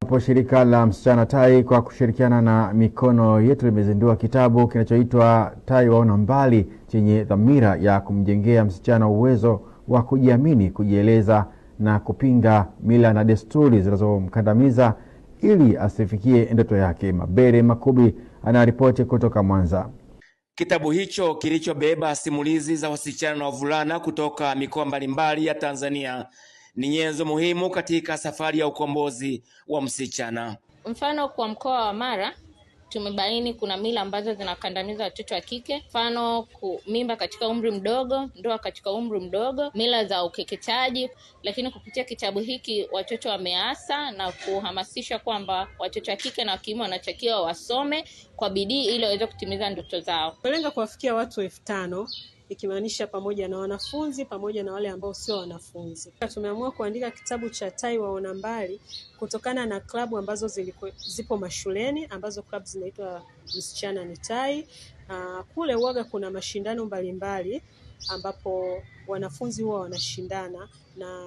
Hapo shirika la Msichana Tai kwa kushirikiana na mikono yetu limezindua kitabu kinachoitwa Tai Waona Mbali, chenye dhamira ya kumjengea msichana uwezo wa kujiamini, kujieleza na kupinga mila na desturi zinazomkandamiza ili asifikie ndoto yake. Mabere Makubi anaripoti kutoka Mwanza. Kitabu hicho kilichobeba simulizi za wasichana na wavulana kutoka mikoa mbalimbali ya Tanzania ni nyenzo muhimu katika safari ya ukombozi wa msichana. Mfano, kwa mkoa wa Mara tumebaini kuna mila ambazo zinakandamiza watoto wa kike, mfano mimba katika umri mdogo, ndoa katika umri mdogo, mila za ukeketaji. Lakini kupitia kitabu hiki watoto wameasa na kuhamasisha kwamba watoto wa kike na wa kiume wanatakiwa wasome kwa bidii ili waweze kutimiza ndoto zao. Malengo kuwafikia watu elfu tano ikimaanisha pamoja na wanafunzi pamoja na wale ambao sio wanafunzi. Tumeamua kuandika kitabu cha Tai Waona Mbali kutokana na klabu ambazo ziliko, zipo mashuleni ambazo klabu zinaitwa Msichana ni Tai. Uh, kule uaga kuna mashindano mbalimbali mbali, ambapo wanafunzi huwa wanashindana na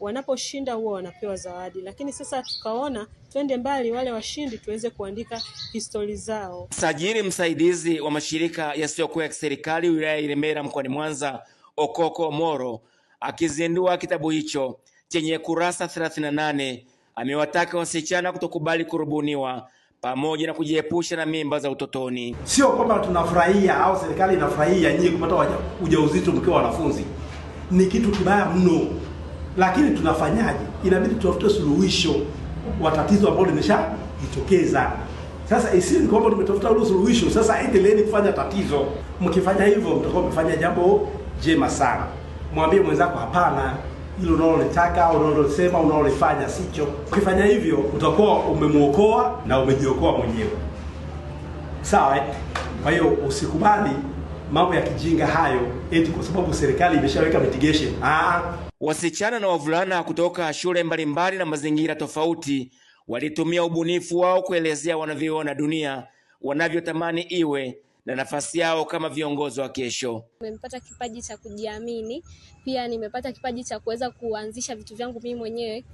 wanaposhinda huwa wanapewa zawadi, lakini sasa tukaona twende mbali, wale washindi tuweze kuandika histori zao. Sajiri msaidizi wa mashirika yasiyokuwa ya kiserikali wilaya ya Ilemela mkoani Mwanza, Okoko Moro, akizindua kitabu hicho chenye kurasa 38 amewataka wasichana kutokubali kurubuniwa pamoja na kujiepusha na mimba za utotoni. Sio kwamba tunafurahia au serikali inafurahia nyinyi kupata ujauzito mkiwa wanafunzi, ni kitu kibaya mno, lakini tunafanyaje? Inabidi tutafute suluhisho wa tatizo ambalo limeshajitokeza. Sasa isi ni kwamba tumetafuta suluhisho, sasa endeleeni kufanya tatizo. Mkifanya hivyo, mtakuwa mmefanya jambo jema sana. Mwambie mwenzako hapana hilo unalolitaka au unalosema unalolifanya sicho. Ukifanya hivyo utakuwa umemwokoa na umejiokoa mwenyewe, sawa. Eh? Kwa hiyo usikubali mambo ya kijinga hayo eti kwa sababu serikali imeshaweka mitigation. Ah, wasichana na wavulana kutoka shule mbalimbali na mazingira tofauti walitumia ubunifu wao kuelezea wanavyoona dunia wanavyotamani iwe na nafasi yao kama viongozi wa kesho. Nimepata kipaji cha kujiamini, pia nimepata kipaji cha kuweza kuanzisha vitu vyangu mimi mwenyewe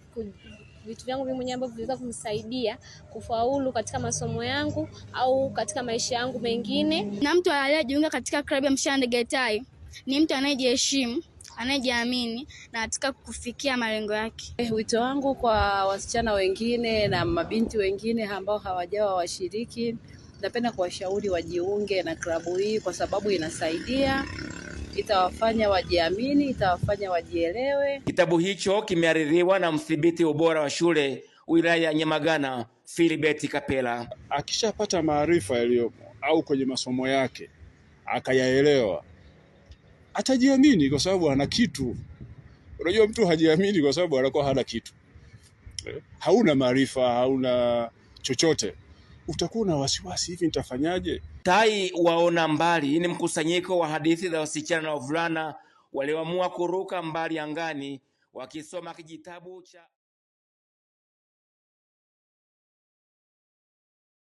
vitu vyangu mimi mwenyewe ambavyo vinaweza kumsaidia kufaulu katika masomo yangu au katika maisha yangu mengine. Na mtu aliyejiunga katika klabu ya Mshale Getai ni mtu anayejiheshimu, anayejiamini na atika kufikia malengo yake. wito wangu kwa wasichana wengine na mabinti wengine ambao hawajawa washiriki napenda kuwashauri wajiunge na klabu hii kwa sababu inasaidia itawafanya wajiamini, itawafanya wajielewe. Kitabu hicho kimehaririwa na mdhibiti ubora wa shule wilaya ya Nyamagana, Philibert Kapela. Akishapata maarifa yaliyopo au kwenye masomo yake akayaelewa, atajiamini kwa sababu ana kitu. Unajua, mtu hajiamini kwa sababu anakuwa hana kitu, hauna maarifa, hauna chochote utakuwa na wasiwasi, hivi nitafanyaje? Tai waona mbali ni mkusanyiko wa hadithi za wasichana na wavulana walioamua kuruka mbali angani wakisoma kijitabu cha